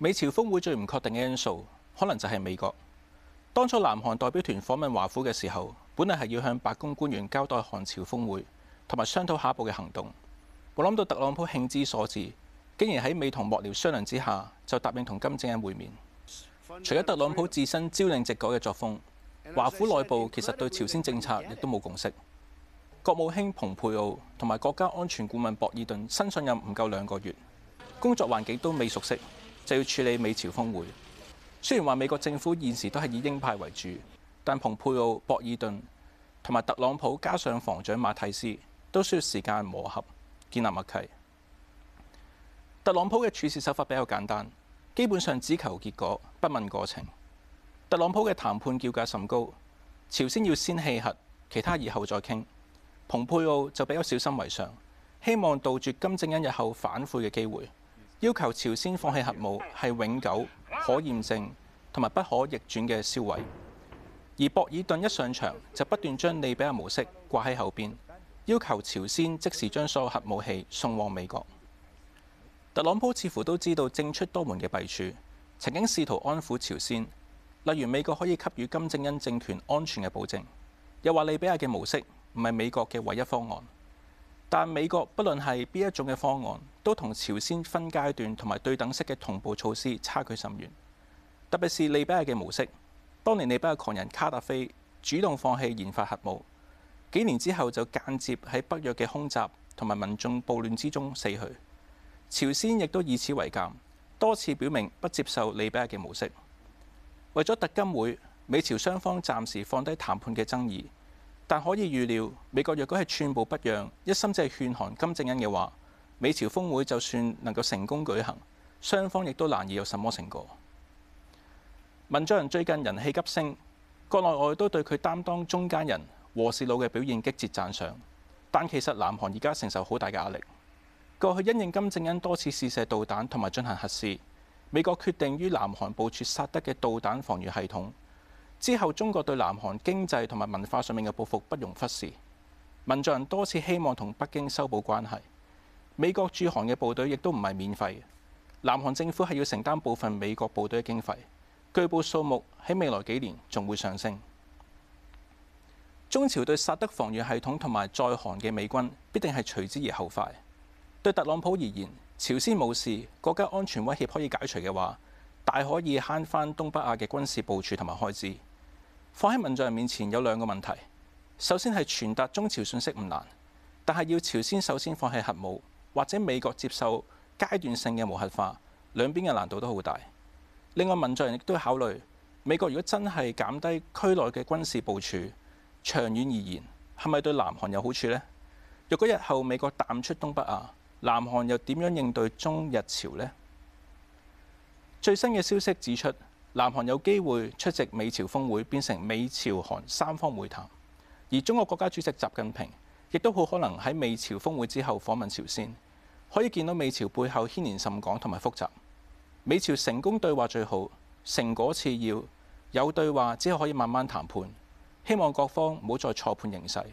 美朝峰會最唔確定嘅因素，可能就係美國當初南韓代表團訪問華府嘅時候，本嚟係要向白宮官員交代韓朝峰會同埋商討下一步嘅行動。冇諗到特朗普興之所至，竟然喺未同幕僚商量之下就答應同金正恩會面。除咗特朗普自身朝令夕改嘅作風，華府內部其實對朝鮮政策亦都冇共識。國務卿蓬佩奧同埋國家安全顧問博爾頓新上任唔夠兩個月，工作環境都未熟悉。就要處理美朝峰會。雖然話美國政府現時都係以鷹派為主，但蓬佩奧、博爾頓同埋特朗普加上防長馬提斯，都需要時間磨合、建立默契。特朗普嘅處事手法比較簡單，基本上只求結果，不問過程。特朗普嘅談判叫價甚高，朝鮮要先棄核，其他以後再傾。蓬佩奧就比較小心為上，希望杜絕金正恩日後反悔嘅機會。要求朝鮮放棄核武係永久可驗證同埋不可逆轉嘅銷毀，而博爾頓一上場就不斷將利比亞模式掛喺後邊，要求朝鮮即時將所有核武器送往美國。特朗普似乎都知道政出多門嘅弊處，曾經試圖安撫朝鮮，例如美國可以給予金正恩政權安全嘅保證，又話利比亞嘅模式唔係美國嘅唯一方案。但美國不論係邊一種嘅方案，都同朝鮮分階段同埋對等式嘅同步措施差距甚遠。特別是利比亞嘅模式，當年利比亞狂人卡達菲主動放棄研發核武，幾年之後就間接喺北約嘅空襲同埋民眾暴亂之中死去。朝鮮亦都以此為鑑，多次表明不接受利比亞嘅模式。為咗特金會，美朝雙方暫時放低談判嘅爭議。但可以預料，美國若果係寸步不讓，一心只係勸韓金正恩嘅話，美朝峰會就算能夠成功舉行，雙方亦都難以有什麼成果。文在寅最近人氣急升，國內外都對佢擔當中間人和事佬嘅表現擊節讚賞。但其實南韓而家承受好大嘅壓力。過去因應金正恩多次試射導彈同埋進行核試，美國決定於南韓部署薩德嘅導彈防禦系統。之後，中國對南韓經濟同埋文化上面嘅報復不容忽視。文在寅多次希望同北京修補關係。美國駐韓嘅部隊亦都唔係免費。南韓政府係要承擔部分美國部隊嘅經費，據報數目喺未來幾年仲會上升。中朝對薩德防禦系統同埋在韓嘅美軍必定係隨之而後快。對特朗普而言，朝鮮冇事，國家安全威脅可以解除嘅話，大可以慳翻東北亞嘅軍事部署同埋開支。放喺文在寅面前有兩個問題。首先係傳達中朝信息唔難，但係要朝鮮首先放棄核武或者美國接受階段性嘅無核化，兩邊嘅難度都好大。另外文在寅亦都考慮美國如果真係減低區內嘅軍事部署，長遠而言係咪對南韓有好處咧？若果日後美國淡出東北亞，南韓又點樣應對中日朝咧？最新嘅消息指出。南韓有機會出席美朝峰會，變成美朝韓三方會談，而中國國家主席習近平亦都好可能喺美朝峰會之後訪問朝鮮，可以見到美朝背後牽連甚廣同埋複雜。美朝成功對話最好，成果次要，有對話之後可以慢慢談判。希望各方唔好再錯判形勢。